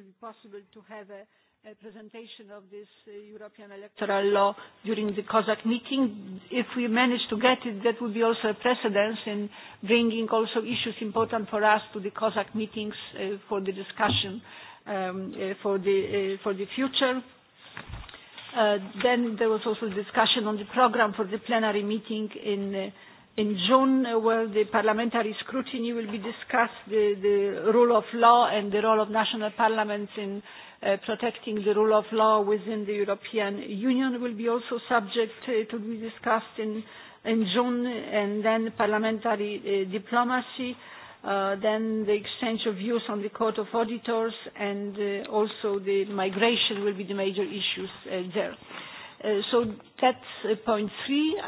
will be possible to have a, a presentation of this uh, European electoral law during the COSAC meeting. If we manage to get it, that would be also a precedence in bringing also issues important for us to the COSAC meetings uh, for the discussion um, uh, for, the, uh, for the future. Uh, then there was also discussion on the program for the plenary meeting in uh, in June, where the parliamentary scrutiny will be discussed, the, the rule of law and the role of national parliaments in uh, protecting the rule of law within the European Union will be also subject uh, to be discussed in, in June, and then parliamentary uh, diplomacy, uh, then the exchange of views on the Court of Auditors, and uh, also the migration will be the major issues uh, there. So that's point three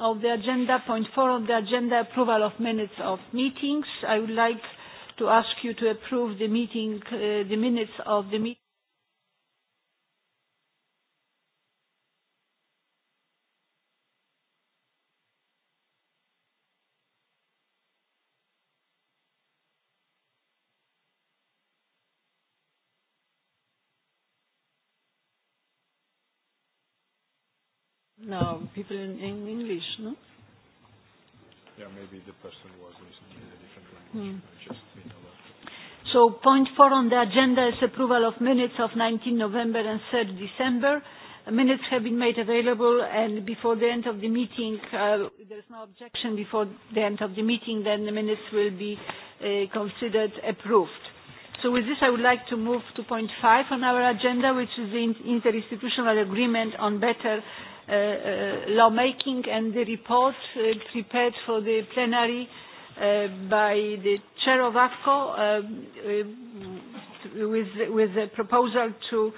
of the agenda. Point four of the agenda, approval of minutes of meetings. I would like to ask you to approve the meeting, the minutes of the meeting now people in, in English, no? Yeah, maybe the person was listening in a different language. Mm. Just so point four on the agenda is approval of minutes of 19 November and 3rd December. Minutes have been made available and before the end of the meeting, uh, there is no objection before the end of the meeting, then the minutes will be uh, considered approved. So with this, I would like to move to point five on our agenda, which is the interinstitutional agreement on better lawmaking and the report uh, prepared for the plenary uh, by the chair of AFCO uh, uh, with, with a proposal to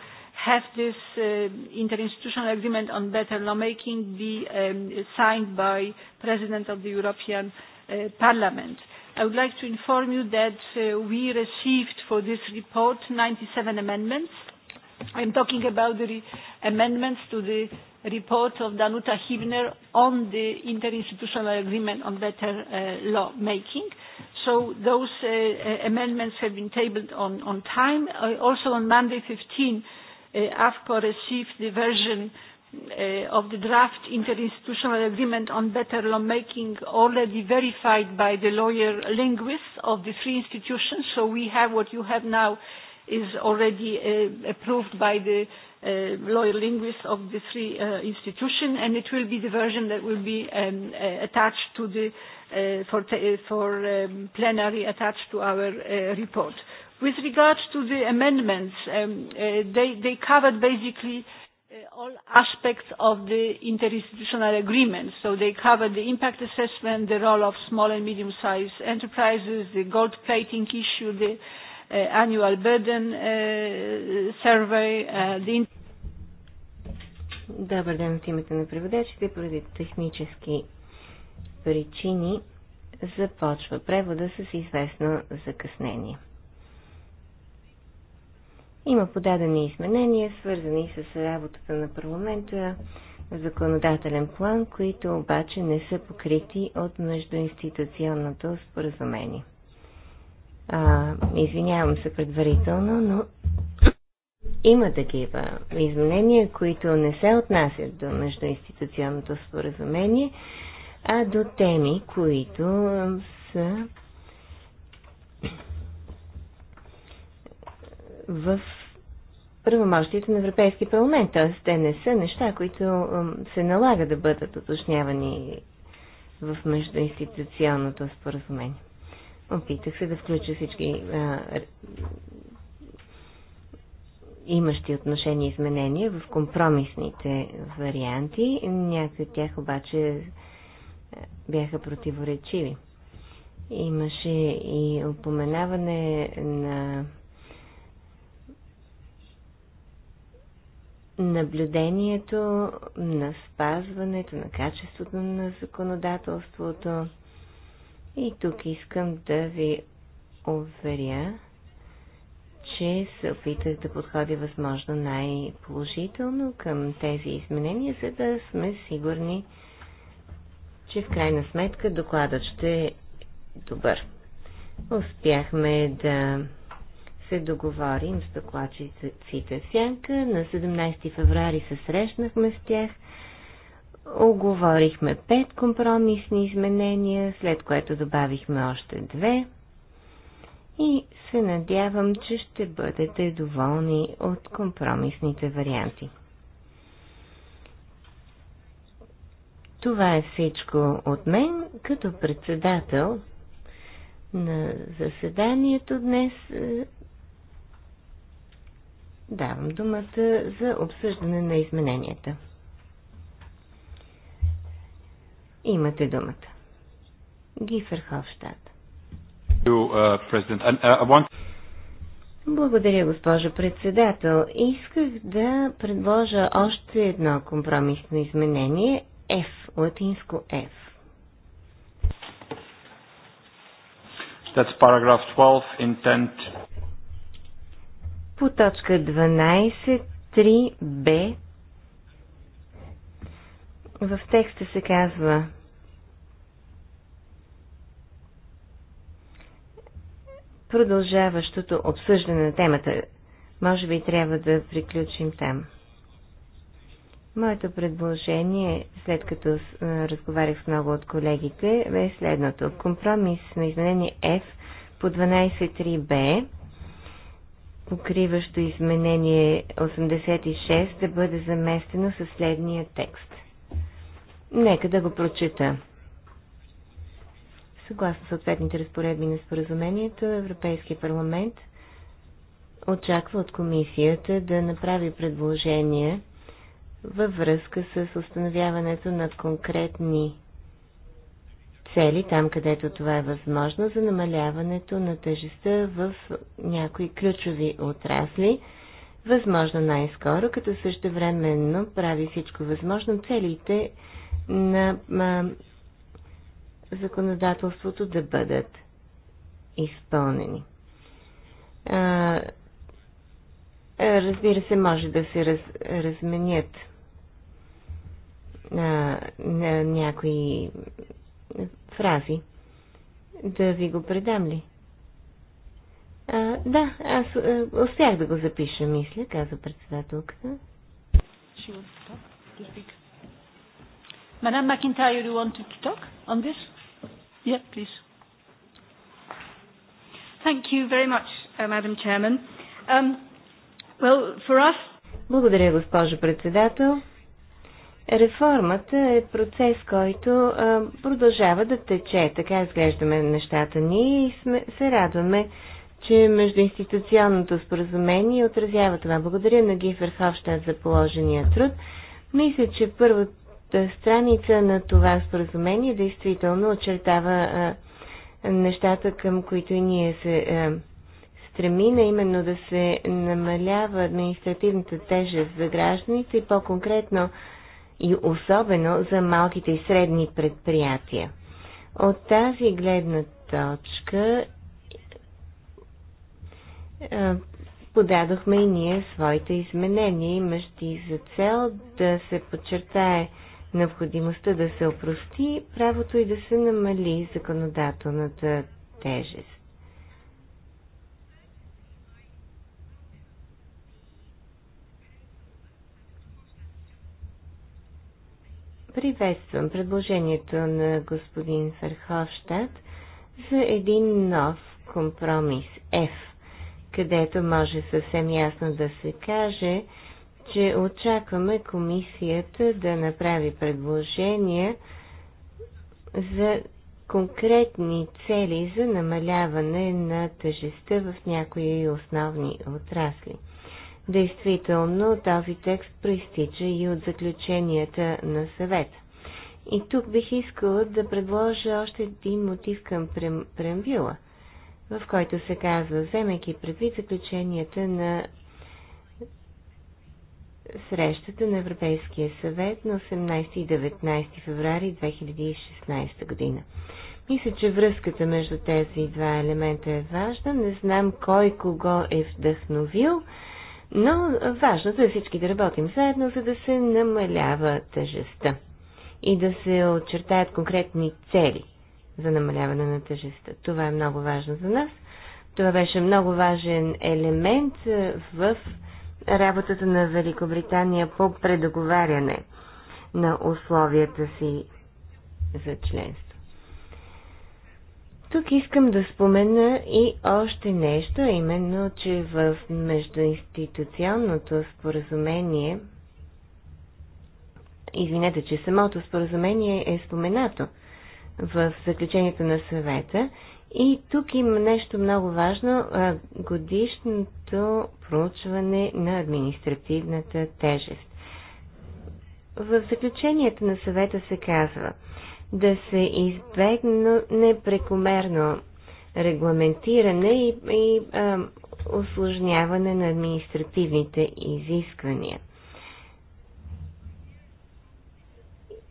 have this uh, interinstitutional agreement on better lawmaking be um, signed by President of the European uh, Parliament. I would like to inform you that uh, we received for this report 97 amendments I'm talking about the amendments to the report of Danuta Hibner on the interinstitutional agreement on better uh, law making. So those uh, amendments have been tabled on, on time. Uh, also on Monday 15, uh, AFCO received the version uh, of the draft interinstitutional agreement on better law making already verified by the lawyer linguists of the three institutions. So we have what you have now is already uh, approved by the uh, lawyer linguists of the three uh, institutions, and it will be the version that will be um, uh, attached to the uh, for, uh for um, plenary attached to our uh, report. With regard to the amendments, um, uh, they, they covered basically uh, all aspects of the interinstitutional agreement. So they covered the impact assessment, the role of small and medium-sized enterprises, the gold plating issue, the uh, Uh, annual burden uh, survey. Uh, the... Добър ден от името на преводачите. Поради технически причини започва превода с известно закъснение. Има подадени изменения, свързани с работата на парламента в законодателен план, които обаче не са покрити от междуинституционното споразумение. А, извинявам се предварително, но има такива изменения, които не се отнасят до междуинституционното споразумение, а до теми, които са в правомощите на Европейския парламент. Т.е. те не са неща, които се налага да бъдат уточнявани в междуинституционното споразумение. Опитах се да включа всички а, имащи отношение изменения в компромисните варианти. Някои от тях обаче бяха противоречиви. Имаше и упоменаване на наблюдението, на спазването, на качеството на законодателството. И тук искам да ви уверя, че се опитах да подходя възможно най-положително към тези изменения, за да сме сигурни, че в крайна сметка докладът ще е добър. Успяхме да се договорим с докладчиците Сянка. На 17 феврари се срещнахме с тях Оговорихме пет компромисни изменения, след което добавихме още две. И се надявам, че ще бъдете доволни от компромисните варианти. Това е всичко от мен като председател на заседанието днес. Е, давам думата за обсъждане на измененията. Имате думата. Гифер Хофштад. Uh, uh, Благодаря, госпожо председател. Исках да предложа още едно компромисно изменение F, латинско F. That's paragraph 12, intent. По точка 12, 3b, в текста се казва продължаващото обсъждане на темата. Може би трябва да приключим там. Моето предложение, след като разговарях с много от колегите, е следното. Компромис на изменение F по 12.3b, покриващо изменение 86, да бъде заместено със следния текст. Нека да го прочита. Съгласно съответните разпоредби на споразумението, Европейския парламент очаква от комисията да направи предложение във връзка с установяването на конкретни цели, там където това е възможно, за намаляването на тежестта в някои ключови отрасли, възможно най-скоро, като същевременно прави всичко възможно целите на а, законодателството да бъдат изпълнени. А, разбира се, може да се раз, разменят а, на някои фрази. Да ви го предам ли? А, да, аз а, успях да го запиша, мисля, каза председателката. She was to speak. Madam McIntyre, you want to talk on this? Yeah, please. Thank you very much, uh, Madam Chairman. Um, well, for us... Благодаря, госпожо председател. Реформата е процес, който а, продължава да тече. Така изглеждаме нещата ни и сме, се радваме, че междуинституционното споразумение отразява това. Благодаря на Гифер Хофштад за положения труд. Мисля, че първото страница на това споразумение действително очертава нещата, към които и ние се а, стремина, именно да се намалява административната тежест за гражданите и по-конкретно и особено за малките и средни предприятия. От тази гледна точка подадохме и ние своите изменения, имащи за цел да се подчертае необходимостта да се опрости правото и да се намали законодателната тежест. Приветствам предложението на господин Ферховщад за един нов компромис F, където може съвсем ясно да се каже, че очакваме комисията да направи предложения за конкретни цели за намаляване на тъжеста в някои основни отрасли. Действително, този текст проистича и от заключенията на съвета. И тук бих искала да предложа още един мотив към прембила, в който се казва, вземайки предвид заключенията на срещата на Европейския съвет на 18 и 19 феврари 2016 година. Мисля, че връзката между тези два елемента е важна. Не знам кой кого е вдъхновил, но важното е всички да работим заедно, за да се намалява тъжестта и да се очертаят конкретни цели за намаляване на тъжестта. Това е много важно за нас. Това беше много важен елемент в работата на Великобритания по предоговаряне на условията си за членство. Тук искам да спомена и още нещо, именно, че в междуинституционното споразумение, извинете, че самото споразумение е споменато в заключението на съвета и тук има нещо много важно – годишното проучване на административната тежест. В заключението на съвета се казва да се избегне прекомерно регламентиране и, и а, осложняване на административните изисквания.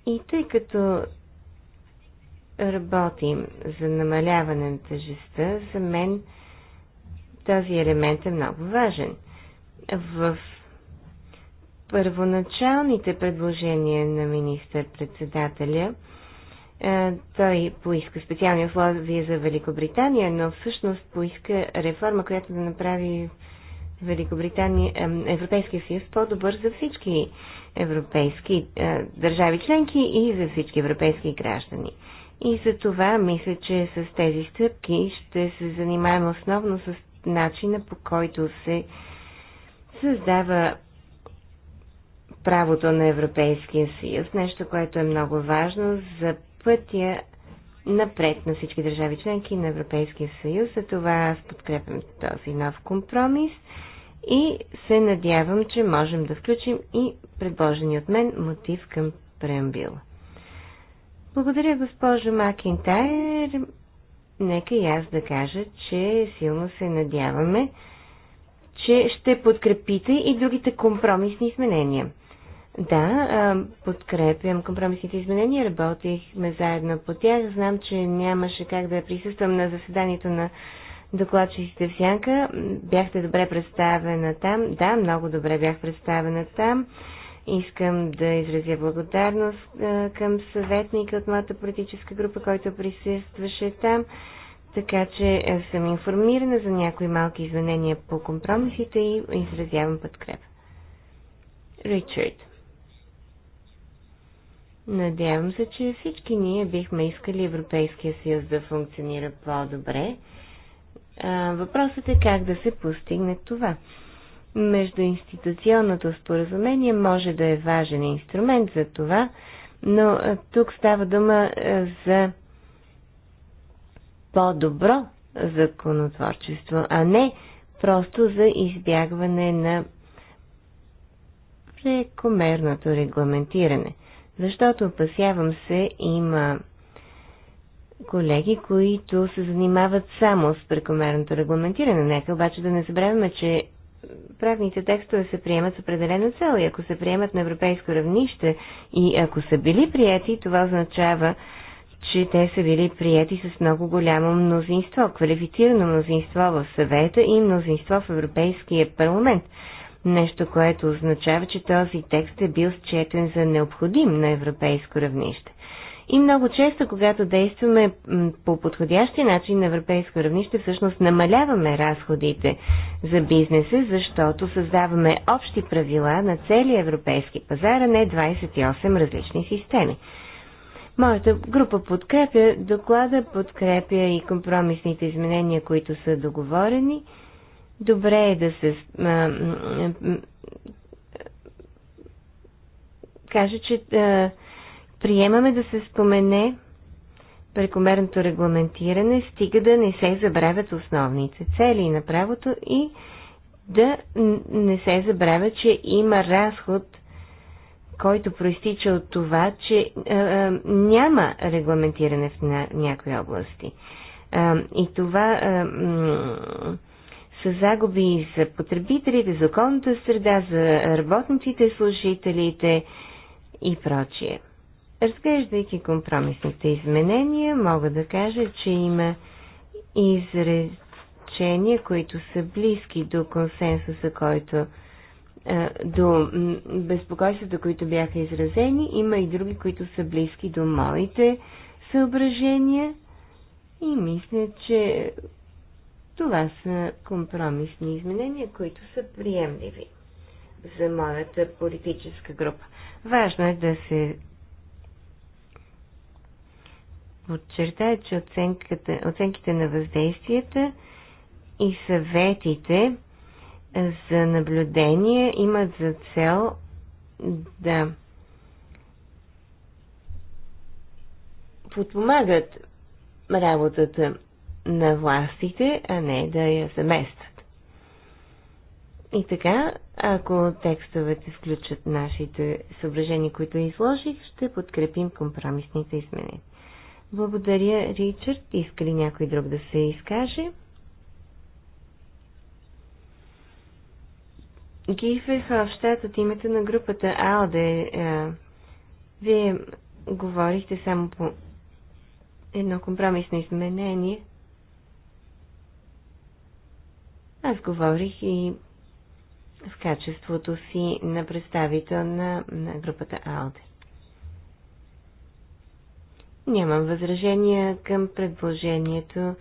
И тъй като работим за намаляване на тъжеста, за мен този елемент е много важен. В първоначалните предложения на министър-председателя е, той поиска специални условия за Великобритания, но всъщност поиска реформа, която да направи Великобритания, е, Европейския съюз по-добър за всички европейски е, държави членки и за всички европейски граждани. И за това мисля, че с тези стъпки ще се занимаем основно с начина по който се създава правото на Европейския съюз, нещо, което е много важно за пътя напред на всички държави членки на Европейския съюз. За това аз подкрепям този нов компромис и се надявам, че можем да включим и предложени от мен мотив към преамбила. Благодаря, госпожо Макинтайр. Нека и аз да кажа, че силно се надяваме, че ще подкрепите и другите компромисни изменения. Да, подкрепям компромисните изменения, работихме заедно по тях. Знам, че нямаше как да присъствам на заседанието на докладчиците в Сянка. Бяхте добре представена там. Да, много добре бях представена там. Искам да изразя благодарност към съветника от моята политическа група, който присъстваше там, така че е, съм информирана за някои малки изменения по компромисите и изразявам подкрепа. Ричард. Надявам се, че всички ние бихме искали Европейския съюз да функционира по-добре. Въпросът е как да се постигне това. Междуинституционното споразумение може да е важен инструмент за това, но тук става дума за по-добро законотворчество, а не просто за избягване на прекомерното регламентиране. Защото, опасявам се, има колеги, които се занимават само с прекомерното регламентиране. Нека обаче да не забравяме, че правните текстове се приемат с определена цел и ако се приемат на европейско равнище и ако са били прияти, това означава, че те са били прияти с много голямо мнозинство, квалифицирано мнозинство в съвета и мнозинство в Европейския парламент. Нещо, което означава, че този текст е бил счетен за необходим на европейско равнище. И много често, когато действаме по подходящи начин на европейско равнище, всъщност намаляваме разходите за бизнеса, защото създаваме общи правила на целия европейски пазар, а не 28 различни системи. Моята група подкрепя доклада, подкрепя и компромисните изменения, които са договорени. Добре е да се а, каже, че а, приемаме да се спомене прекомерното регламентиране, стига да не се забравят основните цели на правото и да не се забравя, че има разход, който проистича от това, че а, а, няма регламентиране в на, някои области. А, и това са загуби за потребителите, за околната среда, за работниците, служителите и прочие. Разглеждайки компромисните изменения, мога да кажа, че има изречения, които са близки до консенсуса, който до безпокойствата, които бяха изразени. Има и други, които са близки до моите съображения. И мисля, че това са компромисни изменения, които са приемливи за моята политическа група. Важно е да се подчертая, че оценката, оценките на въздействията и съветите за наблюдение имат за цел да подпомагат работата на властите, а не да я заместват. И така, ако текстовете включат нашите съображения, които изложих, ще подкрепим компромисните изменения. Благодаря, Ричард. Иска ли някой друг да се изкаже? в щат от името на групата АОДЕ. Е, вие говорихте само по едно компромисно изменение. Аз говорих и в качеството си на представител на, на групата АЛДЕ. Нямам възражения към предложението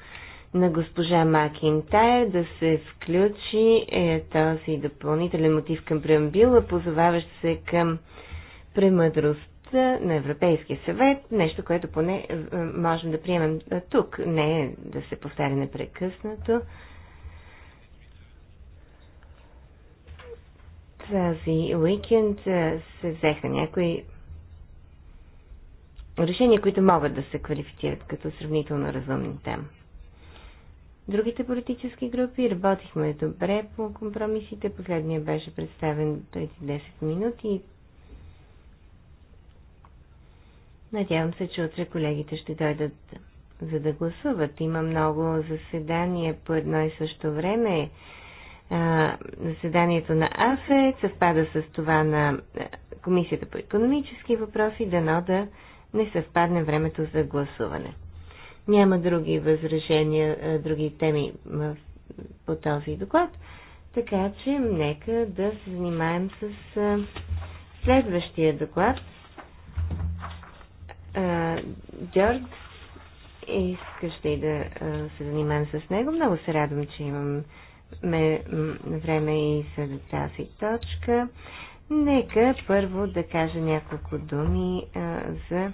на госпожа Макинтайр да се включи е, този допълнителен мотив към преамбила, позоваващ се към премъдростта на Европейския съвет, нещо, което поне е, можем да приемем е, тук, не е да се повтаря непрекъснато. Тази уикенд се взеха някои решения, които могат да се квалифицират като сравнително разумни тем. Другите политически групи работихме добре по компромисите. Последния беше представен преди 10 минути. Надявам се, че утре колегите ще дойдат за да гласуват. Има много заседания по едно и също време. заседанието на АФЕ съвпада с това на Комисията по економически въпроси, дано да не съвпадне времето за гласуване. Няма други възражения, други теми по този доклад, така че нека да се занимаем с следващия доклад. Джордж, искаш ли да се занимаем с него? Много се радвам, че имам време и за тази точка. Нека първо да кажа няколко думи а, за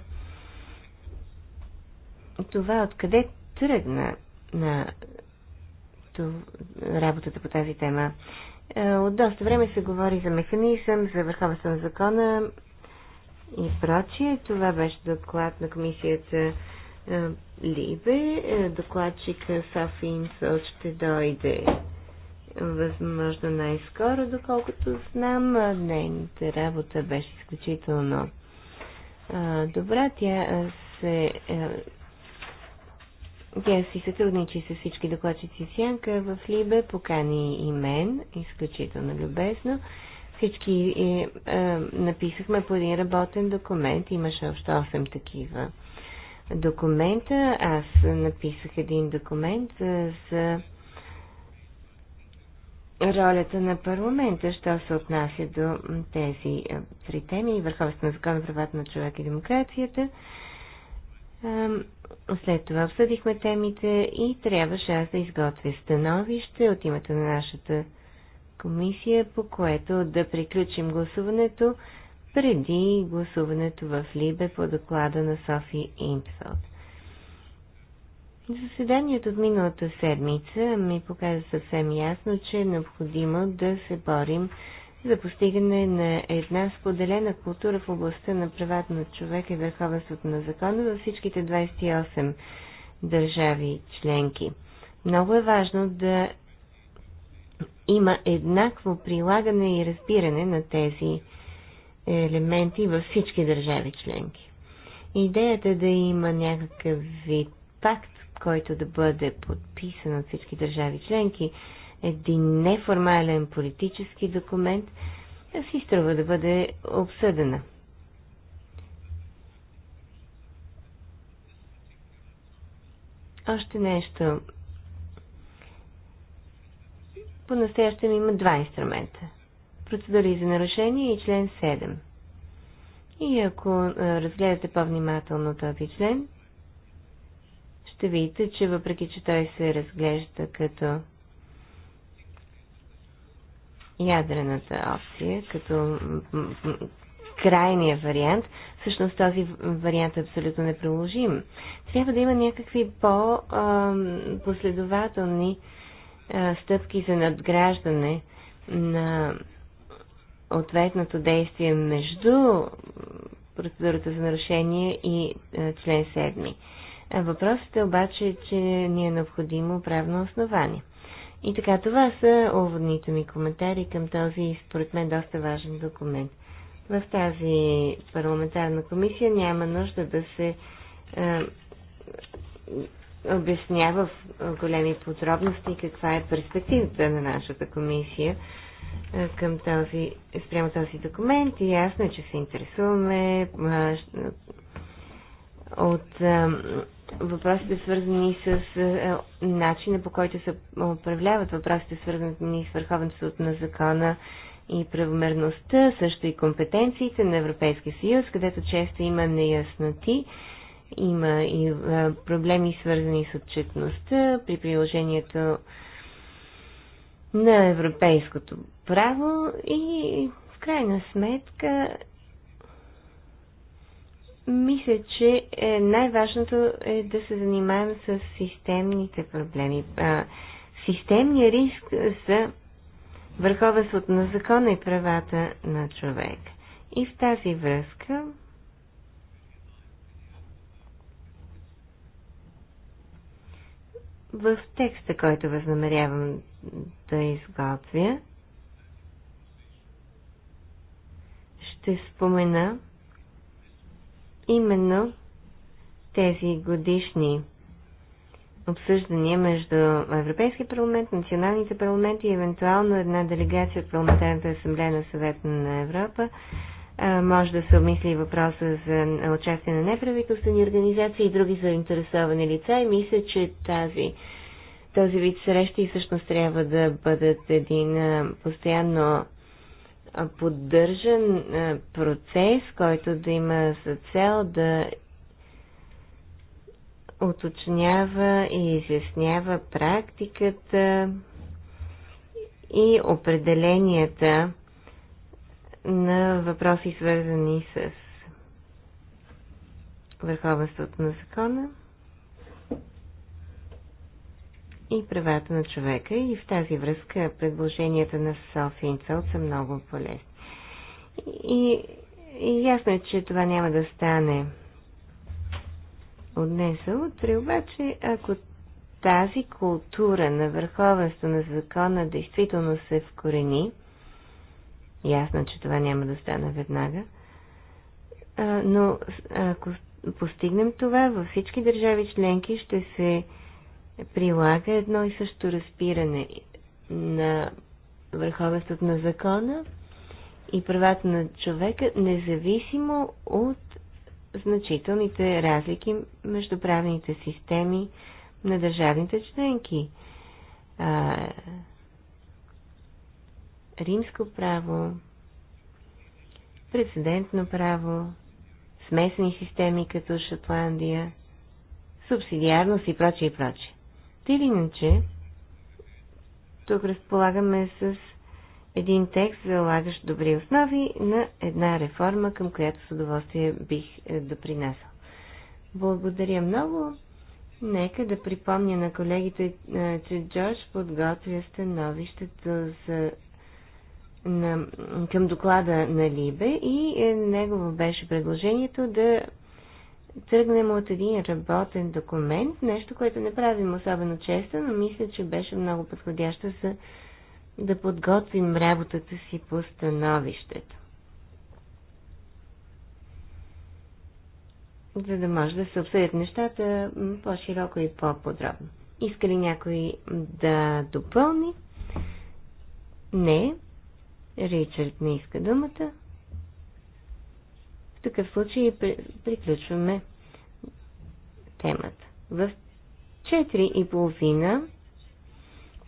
това откъде тръгна на работата по тази тема. От доста време се говори за механизъм, за върховенство на закона и прочие. Това беше доклад на комисията Либе. Докладчика Софи Инсъл ще дойде възможно най-скоро, доколкото знам, нейната работа беше изключително добра. Тя се тя си сътрудничи с всички докладчици Сянка в Либе, покани и мен, изключително любезно. Всички е, е, написахме по един работен документ, имаше още 8 такива документа. Аз написах един документ за, за ролята на парламента, що се отнася до тези е, три теми върховенство на закона, правата на човек и демокрацията. След това обсъдихме темите и трябваше аз да изготвя становище от името на нашата комисия, по което да приключим гласуването преди гласуването в Либе по доклада на Софи Интфелд. Заседанието от миналата седмица ми показа съвсем ясно, че е необходимо да се борим за постигане на една споделена култура в областта на правата на човека и върховенството на закона във всичките 28 държави членки. Много е важно да има еднакво прилагане и разбиране на тези елементи във всички държави членки. Идеята е да има някакъв вид пакт който да бъде подписан от всички държави членки, един неформален политически документ, си струва да бъде обсъдена. Още нещо. По-настоящем има два инструмента. Процедури за нарушение и член 7. И ако разгледате по-внимателно този член, ще видите, че въпреки, че той се разглежда като ядрената опция, като крайния вариант, всъщност този вариант е абсолютно неприложим. Трябва да има някакви по-последователни стъпки за надграждане на ответното действие между процедурата за нарушение и член 7. Въпросът е обаче, че ни е необходимо правно основание. И така, това са уводните ми коментари към този, според мен, доста важен документ. В тази парламентарна комисия няма нужда да се е, обяснява в големи подробности каква е перспективата на нашата комисия е, към този, спрямо този документ и ясно е, че се интересуваме е, от е, въпросите свързани с е, е, начина по който се е, управляват въпросите свързани с върховенството на закона и правомерността, също и компетенциите на Европейския съюз, където често има неясноти, има и проблеми свързани с отчетността при приложението на европейското право и в крайна сметка мисля, че е най-важното е да се занимаем с системните проблеми. Системният риск за върховенството на закона и правата на човек. И в тази връзка в текста, който възнамерявам да изготвя, ще спомена именно тези годишни обсъждания между Европейския парламент, националните парламенти и евентуално една делегация от Парламентарната асамблея на съвета на Европа може да се обмисли въпроса за участие на неправителствени организации и други заинтересовани лица и мисля, че тази, този вид срещи всъщност трябва да бъдат един постоянно поддържан процес, който да има за цел да уточнява и изяснява практиката и определенията на въпроси, свързани с върховенството на закона и правата на човека и в тази връзка предложенията на Софи Инцел са много полезни. И, и ясно е, че това няма да стане от днес утре, обаче ако тази култура на върховенство на закона действително се вкорени, ясно, е, че това няма да стане веднага, но ако постигнем това, във всички държави членки ще се прилага едно и също разбиране на върховенството на закона и правата на човека, независимо от значителните разлики между правните системи на държавните членки. А, римско право, прецедентно право, смесени системи като Шотландия, субсидиарност и прочее и прочее или иначе, тук разполагаме с един текст, залагащ добри основи на една реформа, към която с удоволствие бих е, допринесъл. Благодаря много. Нека да припомня на колегите, е, че Джордж подготвя становището за, на, към доклада на Либе и е, негово беше предложението да тръгнем от един работен документ, нещо, което не правим особено често, но мисля, че беше много подходящо за да подготвим работата си по становището. За да може да се обсъдят нещата по-широко и по-подробно. Иска ли някой да допълни? Не. Ричард не иска думата такъв случай приключваме темата. В половина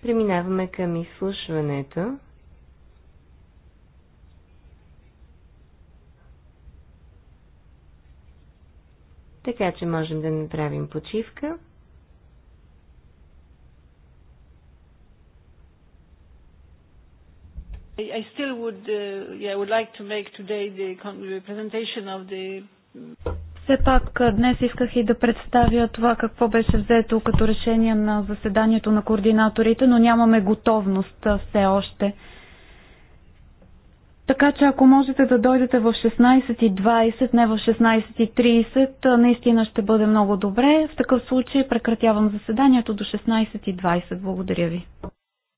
преминаваме към изслушването. Така че можем да направим почивка. I still would, uh, yeah, would like to make today the presentation of the все пак днес исках и да представя това какво беше взето като решение на заседанието на координаторите, но нямаме готовност все още. Така че ако можете да дойдете в 16.20, не в 16.30, наистина ще бъде много добре. В такъв случай прекратявам заседанието до 16.20. Благодаря ви.